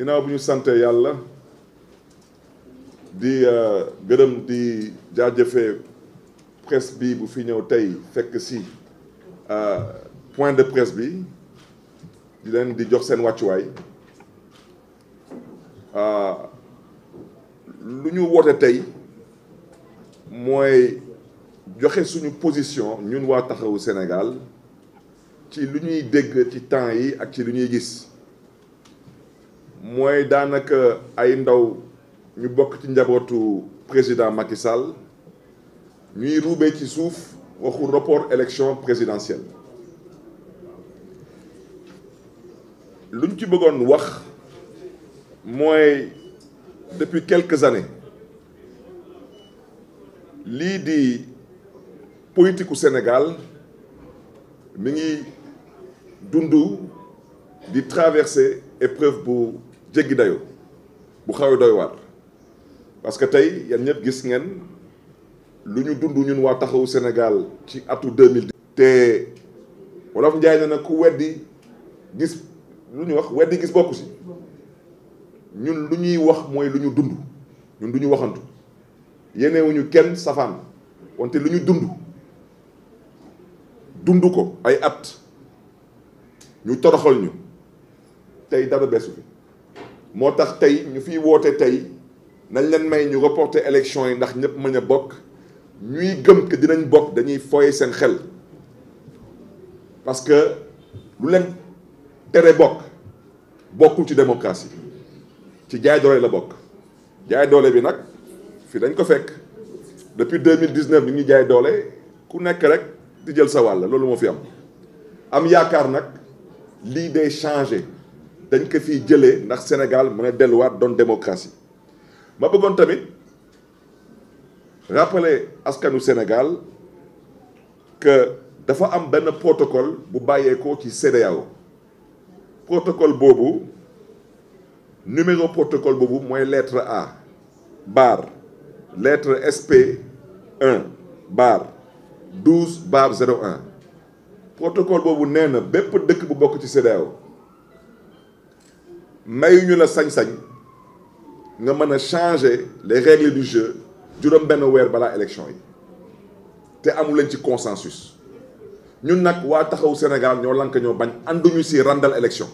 ginnaaw bu ñu sante yàlla di euh, gërëm di jaajëfee presse bi bu fi ñëw tey fekk si euh, point de presse bi di leen di jox seen wàccuwaay euh, lu ñu woote tey mooy joxe suñu position ñun waa taxawu Sénégal ci lu ñuy dégg ci temps yi ak ci lu ñuy gis mooy daanaka ay ndaw ñu bokk ci njabootu président Macky Sall ñuy ruube ci suuf waxu report élection présidentielle luñ ci bëggoon wax mooy depuis quelques années lii di politiku Sénégal mi ngi dund di traverser épreuve bu jéggi dayoo bu xaw a doy waar parce que tey yan ñëpp gis ngeen lu ñu dund ñun waa taxawu Sénégal ci atu 2010 te wolof njaay na nag ku weddi gis lu ñu wax weddi gis bokku si ñun lu ñuy wax mooy lu ñu dund ñun du ñu waxantu yenewuñu kenn safaan wante lu ñu dund dund ko ay at ñu toroxal ñu tey dara beesu fi moo tax tey ñu fiy wootee tey nañ leen may ñu reporter élection yi ndax ñëpp mën a bokk ñuy gëm que dinañ bokk dañuy fooye seen xel parce que lu leen tere bokk bokkul ci démocratie ci jaay doole la bokk jaay doole bi nag fii dañ ko fekk depuis deux mille dix neuf bi ñuy jaay doole ku nekk rek di jël sa wàll loolu moo fi am am yaakaar nag lii day changé. dañ ko fi jëlee ndax Sénégal mën a delluwaat doon démocratie ma bëggoon tamit rappeler askanu Sénégal que dafa am benn protocole bu bàyyeekoo ci CEDEAO protocole boobu numéro protocole boobu mooy lettre A bar lettre SP 1 bar 12 bar 01 protocole boobu nee na bépp dëkk bu bokk ci CEDEAO mayuñu la sañ-sañ nga mën a changer les règles du jeu juróom benn weer balaa élection yi te amul leen ci consensus ñun nag waa taxaw Sénégal ñoo lank ñoo bañ ànduñu si randal élection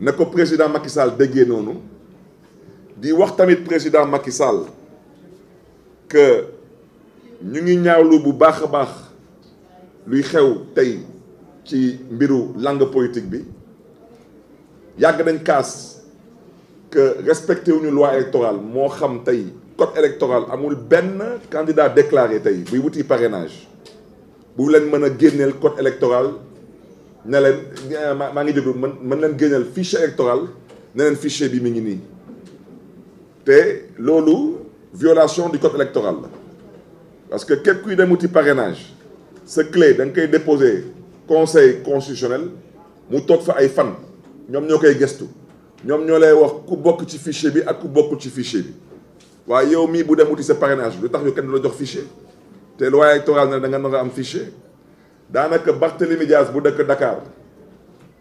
na ko président Macky Sall déggee noonu di wax tamit président Macky Sall ñu ngi ñaawlu bu baax a baax luy xew tey ci mbiru langue politique bi yàgg nañ kaas que respecté wuñu loi électorale moo xam tey code électoral amul benn candidat déclaré tey buy wuti parrainage bu leen mën a génneel code électoral ne leen maa ngi déglu mën mën leen génneel fichier électoral ne leen fichier bi mi ngi nii te loolu violation du code électoral la parce que képp kuy dem wuti parrainage sa clé da nga koy déposer conseil constitutionnel mu toog fa ay fan ñoom ñoo koy gëstu ñoom ñoo lay wax ku bokk ci fichier bi ak ku bokkul ci fichier bi waaye yow mii bu dem uti sa parrainage lu tax yu kenn du la jox fichier te waaye électorale ne da nga nga am fichier daanaka Barthélémy Dias bu dëkk dakaar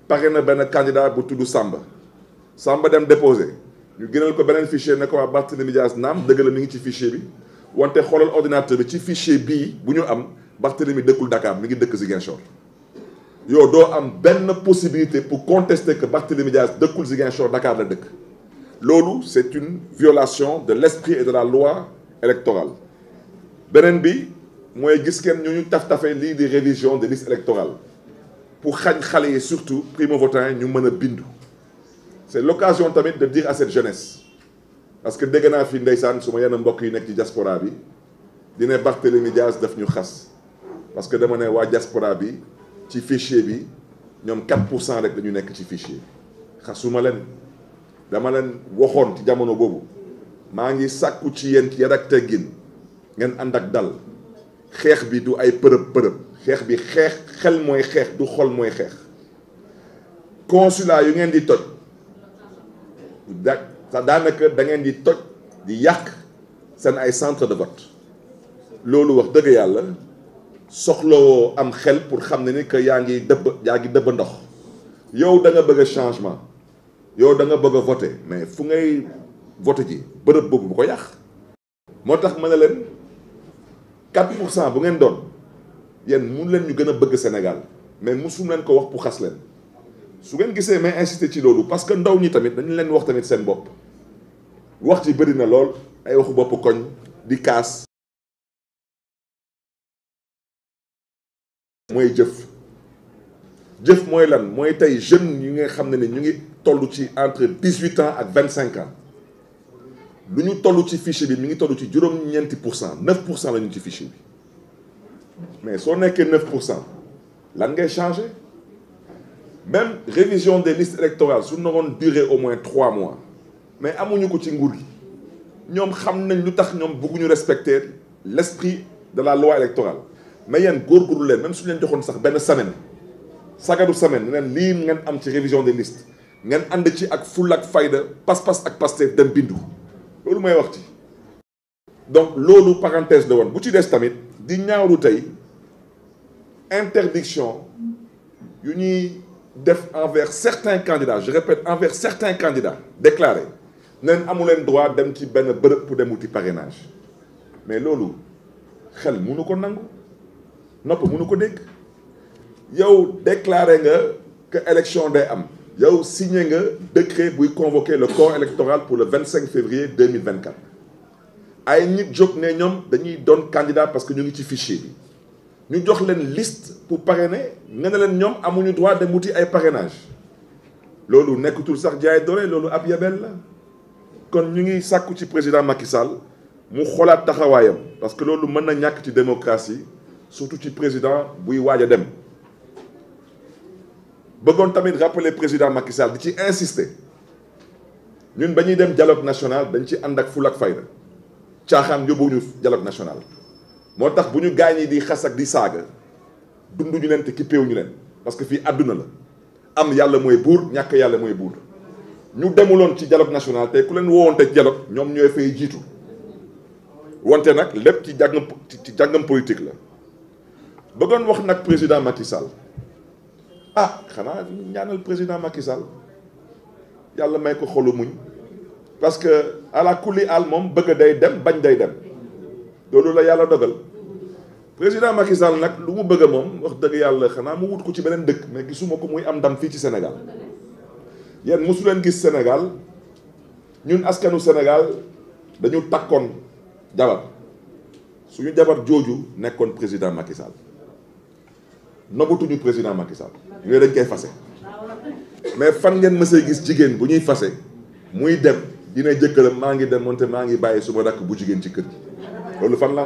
pare na benn candidat bu tudd Samba Samba dem déposé ñu gënal ko beneen fichier ne ko waa Barthélémy Dias naam dëgg la mi ngi ci fichier bi wante xoolal ordinateur bi ci fichier bii bu ñu am bartelimi dëkkul Dakar mi ngi dëkk Ziguinchor yow doo am benn possibilité pour contester que Barthélémy Dias dëkkul Ziguinchor Dakar la dëkk loolu c'est une violation de l'esprit et de la loi électorale beneen bi mooy gis kenn ñu ñu taf-tafe lii di révision des listes électorales pour xañ xale yi surtout primo-votants ñu mën a bindu c'est l'occasion tamit de dire à cette jeunesse parce que dégg naa fi ndeysaan su ma yenn mbokk yi nekk ci diaspora bi di ne Barthélémy Dias daf ñu xas parce que dama waa diaspora bi ci fichier bi ñoom 4 pour cent rek dañu nekk ci fichier xasuma leen dama leen waxoon ci jamono boobu maa ngi sàkku ci yéen ci yar ak teggin ngeen ànd ak dal xeex bi du ay përëb përëb xeex bi xeex xel mooy xeex du xol mooy xeex consulat yu ngeen di toj da sa daanaka da ngeen di toj di yàq seen ay centre de vote loolu wax dëgg yàlla soxlawoo am xel pour xam ne ni que yaa ngi dëbb yaa ngi dëbb ndox yow da nga bëgg changement yow da nga bëgg a voter mais fu ngay voter ji bërëb boobu bu ko yàq moo tax ma ne leen 4 pour cent bu ngeen doon yéen mun leen ñu gën a bëgg Sénégal mais musum leen ko wax pour xas leen su ngeen gisee may insister ci loolu parce que ndaw ñi tamit dañu leen wax tamit seen bopp wax ci bëri na lool ay waxu bopp koñ di kaas mooy jëf jëf mooy lan mooy tey jeunes yi nga xam ne ne ñu ngi tollu ci entre dix huit ans ak vingt cinq ans ñu toll ci fiche bi mi ngi tollu ci juróom-ñeenti pour cent neuf pour cent la ñu ci fichier bi mais soo nekkee neuf pour cent lan ngay changé même révision des listes électorales su naroon durer au moins trois mois mais amuñu ko ci nguur yi ñoom xam nañ lu tax ñoom bëgguñu respecter l' esprit de la loi électorale mais yéen góorgóorlu leen même suñu leen joxoon sax benn semaine sagadu semaine ne leen lii ngeen am ci révision des listes ngeen ànd ci ak fulla ak fayda pas-pas ak Pastef dem bindu loolu mooy wax ci donc loolu parenthèse la woon bu ci des tamit di ñaawlu tey interdiction yu ñuy def envers certains candidats je répète envers certains candidats déclarés ne leen amu leen droit dem ci benn bërëb pour dem wuti parrainage mais loolu xel mënu ko nangu nopp mënu ko dégg yow déclaré nga que élection day am yow signé nga décret buy convoquer le corps électoral pour le vingt cinq février deux mille vingt quatre ay nit jóg ne ñoom dañuy doon candidat parce que ñu ngi ci fichier bi ñu jox leen list pour parrainer nga ne leen ñoom amuñu droit dem wuti ay parrainage loolu nekkutul sax jaay doole loolu ab yabel la kon ñu ngi sàkku ci président Macky Sall mu xoolaat taxawaayam parce que loolu mën na ñàkk ci démocratie surtout ci président buy waaj a dem bëggoon tamit rappeler président Macky Sall di ci insister ñun ba ñuy dem dialogue national dañ ci ànd ak ful ak fayda caaxaan yóbbuwuñu dialogue national moo tax bu ñu gaañee di xas ak di saaga dunduñu leen te kippéewuñu leen parce que fii àdduna la am yàlla mooy buur ñàkk yàlla mooy buur ñu demuloon ci dialogue national te ku leen woowoon te dialogue ñoom ñooy fay jiitu wante nag lépp ci jàngam ci jàngam politique la. bëggoon wax nag président Macky Sall ah xanaa ñaanal président Macky Sall yàlla may ko xolu muñ parce que ala kulli al moom bëgg day dem bañ day dem loolu la yàlla dogal président Macky Sall nag lu mu bëgg moom wax dëgg yàlla xanaa mu wut ko ci beneen dëkk mais gisuma ko muy am ndam fii ci Sénégal yéen mosu leen gis Sénégal ñun askanu Sénégal dañu takkoon jabar suñu jabar jooju nekkoon président Macky nobatuñu président Macky Sall yooyu dañ koy fase mais fan ngeen mësee gis jigéen bu ñuy fase muy dem dina jëkkëram maa ngi dem moonte maa ngi bàyyi suma rakk bu jigéen ci kër gi loolu fan la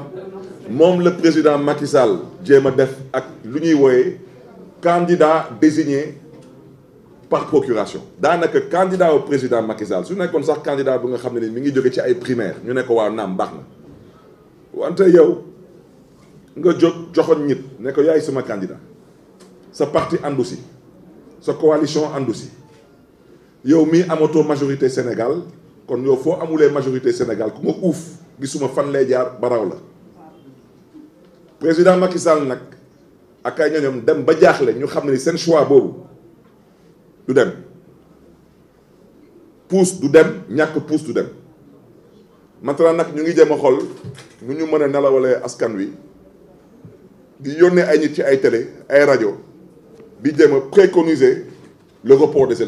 moom la président Macky Sall jéem a def ak lu ñuy wooyee candidat désigné par procuration daanaka candidat au président Macky su nekkoon sax candidat bu nga xam ne ni mi ngi jóge ci ay primaire ñu ne ko waaw naam baax na wante yow nga jóg joxoon ñit ne ko sama candidat sa parti àndu si sa coalition àndu si yow mii amatoo majorité Sénégal kon yow foo amulee majorité Sénégal ku ma uuf gisuma fan lay jaar baraw la président Macky Sall nag ak ay ñoñom dem ba jaaxle ñu xam ne ni seen choix boobu du dem puus du dem ñàkk puus du dem maintenant nag ñu ngi jéem a xool nu ñu mën a nelawalee askan wi di yónnee ay nit ci ay télé ay rajo bi jéem a préconiser le report des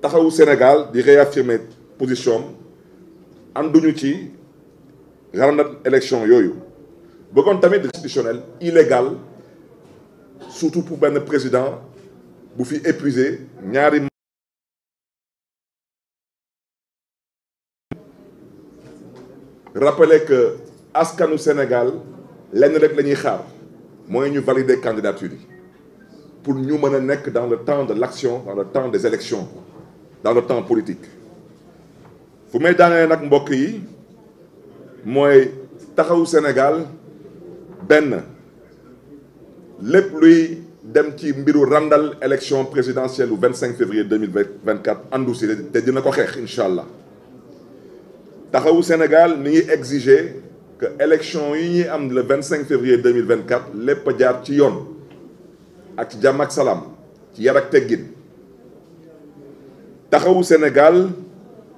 taxawu Sénégal di réaffirmer position am ànduñu ci randat élection yooyu bëggoon tamit constitutionnel illégal surtout pour benn président bu fi épuisé ñaari rappeler que askanu Sénégal lenn rek la ñuy xaar mooy ñu valider candidature yi pour ñu mën a nekk dans le temps de l'action dans le temps des élections dans le temps politique fu may daanee nag mbokk yi mooy taxawu Sénégal benn lépp luy dem ci mbiru randal élection présidentielle bu 25 février 2024 àndu si te dina ko xeex incha allah taxawu Sénégal ni ngi exiger que élection yi ñuy am le 25 février 2024 lépp jaar ci yoon ak ci jàmm ak salaam ci yar ak teggin taxawu Sénégal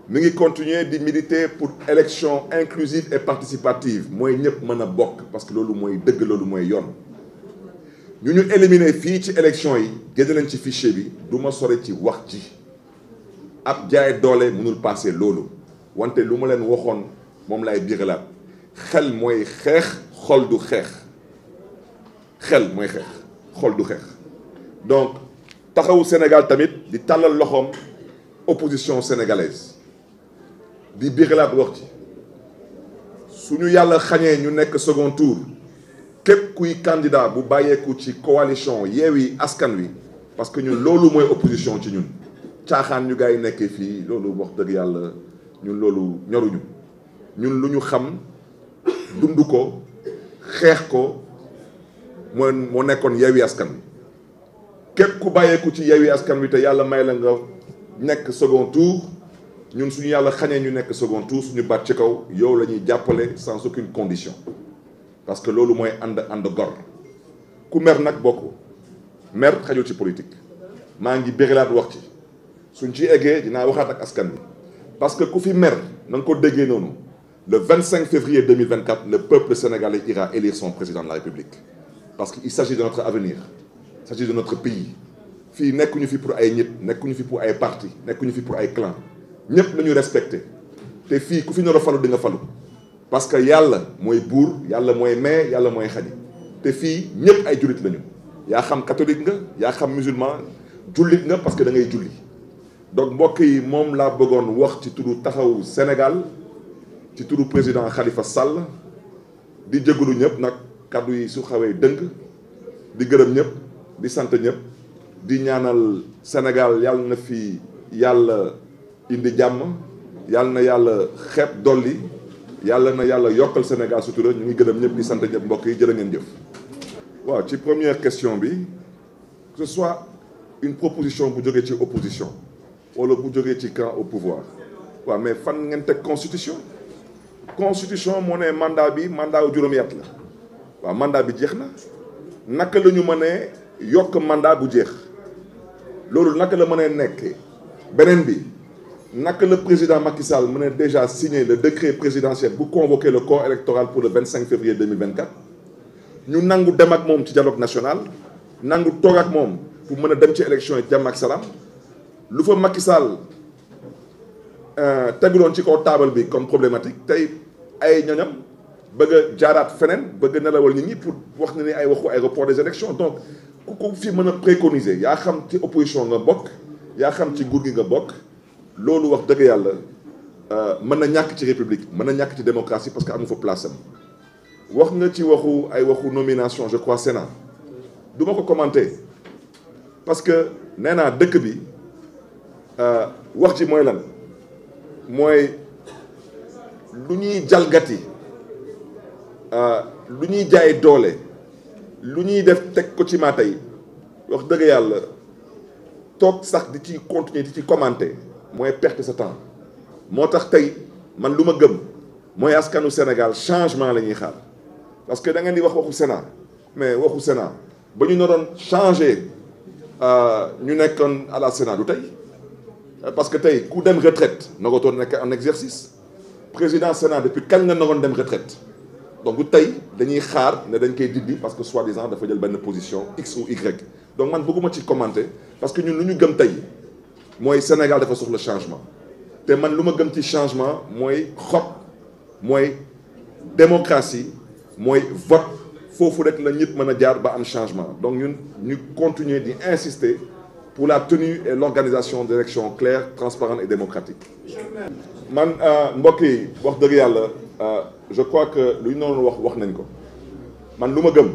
mu ngi continuer di militer pour élection inclusive et participative mooy ñëpp mën a bokk parce que loolu mooy dëgg loolu mooy yoon ñu ñu éliminer fii ci élection yi génne leen ci fichier bi duma sore ci wax ci ab jaay doole mënul passé loolu wante lu ma leen waxoon moom lay biiralaat xel mooy xeex xool du xeex xel mooy xeex xol du xeex donc taxawu Sénégal tamit di tàllal loxoom opposition sénégalaise di biiralaat wax ci suñu yàlla xañee ñu nekk second tour képp kuy kandidaa bu bàyyeeku ci coalition Yewwi Askan Wi parce que ñun loolu mooy opposition ci ñun caaxaan ñu gars yi nekkee fii loolu wax dëgg yàlla ñun loolu ñoruñu ñun lu ñu xam dund ko xeex ko moo moo nekkoon Yewwi Askan Wi képp ku bàyyeeku ci Yewwi Askan Wi te yàlla may la nga nekk second tour ñun suñu yàlla xañee ñu nekk second tour suñu baat ci kaw yow la ñuy jàppale sans aucune condition parce que loolu mooy ànd ànd gor ku mer nag bokk mer xajul ci politique maa ngi bérilaat wax ci suñ ci eggee dinaa waxaat ak askan bi parce que ku fi mer na ko déggee noonu le 25 février 2024 le peuple sénégalais ira élire son président de la république parce qu'il s'agit de notre avenir il s'agit de notre pays fii nekkuñu fi pour ay nit nekkuñu fi pour ay parti nekkuñu fi pour ay clan ñëpp lañu respecté te fii ku fi nar a falu di falu parce que yàlla mooy buur yàlla mooy may yàlla mooy xaji te fii ñëpp ay jullit lañu yaa xam catholique nga yaa xam musulman jullit nga parce que da ngay julli donc mbokk yi moom laa bëggoon wax ci turu taxawu Sénégal ci turu président Khalifa Sall di jégalu ñëpp nag. kaddu yi su xawee dëng di gërëm ñëpp di sant ñëpp di ñaanal Sénégal yàlla na fi yàlla indi jàmm yàlla na yàlla xeeb dolli yàlla na yàlla yokkal Sénégal sutura ñu ngi gërëm ñëpp di sant ñëpp mbokk yi jërë ngeen jëf. waaw ci première question bi que ce soit une proposition bu jógee ci opposition wala bu jógee ci camp au pouvoir waaw mais fan ngeen teg constitution constitution moo ne mandat bi mandat wu juróomi at la. waaw mandat bi jeex na naka lañu ñu mënee yokk mandat bu jeex loolu naka la mënee nekk beneen bi naka le président Macky Sall mën a déjà signé le décret présidentiel bu convoquer le corps électoral pour le 25 février 2024 ñu nangu dem ak moom ci dialogue national nangu toog ak moom pour mën a dem ci élection yi ak salaam lu fa Macky Sall euh, teguloon ci kaw taabal bi comme problématique tey ay ñoñam bëgg jaaraat feneen bëgg nelawal nit ñi pour wax ne ni ay waxu ay report des élections donc ku ko fi mën a préconiser yaa xam ci opposition nga bokk yaa xam ci nguur gi nga bokk loolu wax dëgg yàlla euh, mën na ñàkk ci république mën na ñàkk ci démocratie parce que amu fa place am wax nga ci waxu ay waxu nomination je crois Sénat du ma ko commenter parce que nee naa dëkk bi euh, wax ci mooy lan mooy lu ñuy jalgati. Euh, lu ñuy jaay doole lu ñuy def teg ko ci maa tey wax dëgg yàlla toog sax di ci continuer di ci commenter mooy perte sa temps moo tax tey man lu ma gëm mooy askanu Sénégal changement la ñuy xaar parce que da ngeen di wax waxu Sénat mais waxu Sénat ba ñu naroon changer euh, ñu nekkoon à la Sénat du tey parce que tey ku dem retraite nagatoon nekk en exercice président Sénat depuis kañ nga naroon dem retraite donc tey dañuy xaar ne dañ koy dindi parce que soi-disant dafa jël benn position x ou y donc man bëgguma ci commenter parce que ñun lu ñu gëm tey mooy Sénégal dafa soxla changement te man lu ma gëm ci changement mooy xob mooy démocratie mooy vote foofu rek la ñit mën a jaar ba am changement donc ñun ñu continuer di insister pour la tenue et l'organisation d'élections claires transparentes et démocratiques man euh, mbokk yi wax dëgg yàlla Euh, je crois que lu ñu noonu wax wax nañ ko man lu ma gëm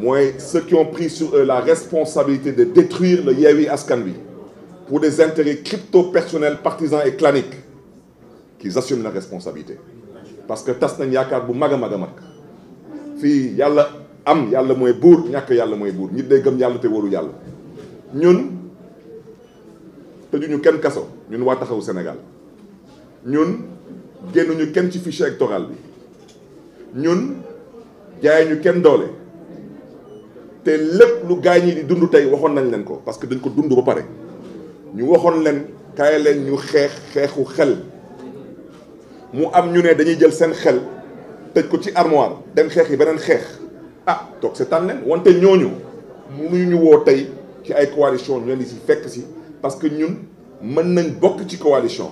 mooy ceux qui ont pris sur eux la responsabilité de détruire la Yewwi Askan Wi pour des intérêts crypto-personnels partisans et claniques qu'ils assument la responsabilité parce que tas nañ yaakaar bu mag a mag a fii yàlla am yàlla mooy buur ñàkk yàlla mooy buur nit day gëm yàlla te wóolu yàlla ñun tëjuñu kenn kaso ñun waa taxawu Sénégal ñun génnuñu kenn ci fichier électoral bi ñun jaay ñu kenn doole te lépp lu gaañ yi di dund tey waxoon nañ leen ko parce que dañ ko dund ba pare ñu waxoon leen kaay leen ñu xeex xeexu xel mu am ñu ne dañuy jël seen xel tëj ko ci armoire dem xeex yi beneen xeex ah toog seetaan leen wante ñooñu mënuñu ñu woo tey ci ay coalition ñu leen di si fekk si parce que ñun mën nañ bokk ci coalition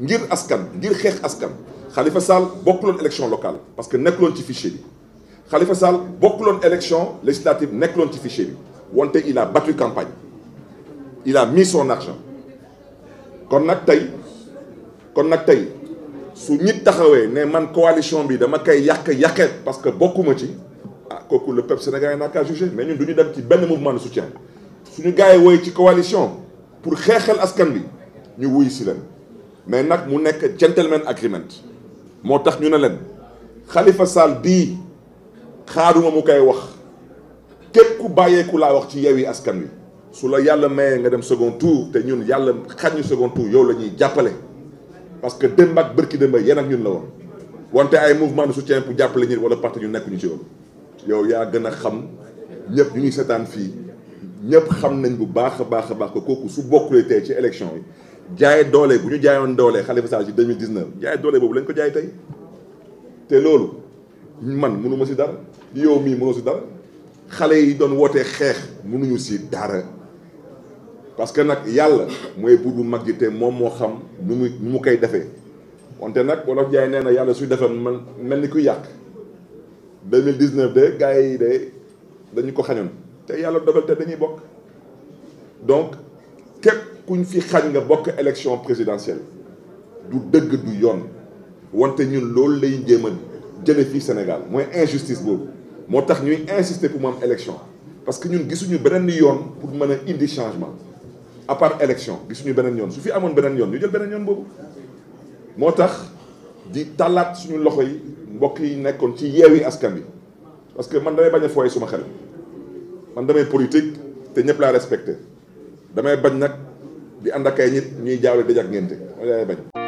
ngir askan ngir xeex askan Khalifa Sall bokkuloon élection locale parce que nekk nekkuloon ci xalifa bi Khalifa Sall bokkuloon élection nekk nekkuloon ci fichier bi wante il a battu campagne il a mis son argent kon nag tey kon nag tey su ñit taxawee ne man coalition bi dama koy yàq yàqeet parce que bokkuma ci ah kooku le peuple sénégalais n'a qu'à juger mais ñun du ñu dem ci benn mouvement de soutien suñu gars yi wooy ci coalition pour xeexal askan bi ñu wuyu si leen mais nag mu nekk gentleman agreement moo tax ñu ne leen Khalifa Sall bii xaaruma mu koy wax képp ku bàyyeeku laa wax ci Yewwi Askan Wi su la yàlla mayee nga dem second tour te ñun yàlla xañ ñu second tour yow la ñuy jàppale parce que démb ak bërki démb yéen ak ñun la woon wante ay mouvement su soutien bu jàppale ñi wala parti ñu nekk ñu ci loolu yow yaa gën a xam ñëpp ñu ñuy seetaan fii ñëpp xam nañ bu baax a baax baax kooku su bokkulee tey ci élection yi jaay doole bu ñu jaayoon doole xale bi Sall ci 2019 jaay doole boobu lañ ko jaay tey te loolu man mënu ma si dara yow mii mënoo si dara xale yi doon wootee xeex munuñu si dara parce que nag yàlla mooy buur bu mag ji te moom moo xam nu mu nu mu koy defee wante nag wolof jaay nee na yàlla suy defee man mel ni ku yàq 2019 de gars yi de dañu ko xañoon te yàlla dogal te dañuy bokk donc képp. ñu fi xaj nga bokk élection présidentielle du dëgg du yoon wante ñun loolu lay jéem a jële fii Sénégal mooy injustice boobu moo tax ñuy insister pour mu am élection parce que ñun gisuñu beneen yoon pour mën a indi changement à part élection gisuñu beneen yoon su fi amoon beneen yoon ñu jël beneen yoon boobu moo tax di tàllaat suñu loxo yi mbokk yi nekkoon ci yeewi askan bi parce que man damay bañ a fooye suma xel man damay politique te ñëpp laa respecté damay bañ nag di ànd ak ay ñuy jaawle dëj ak ngénte ma yaay bañ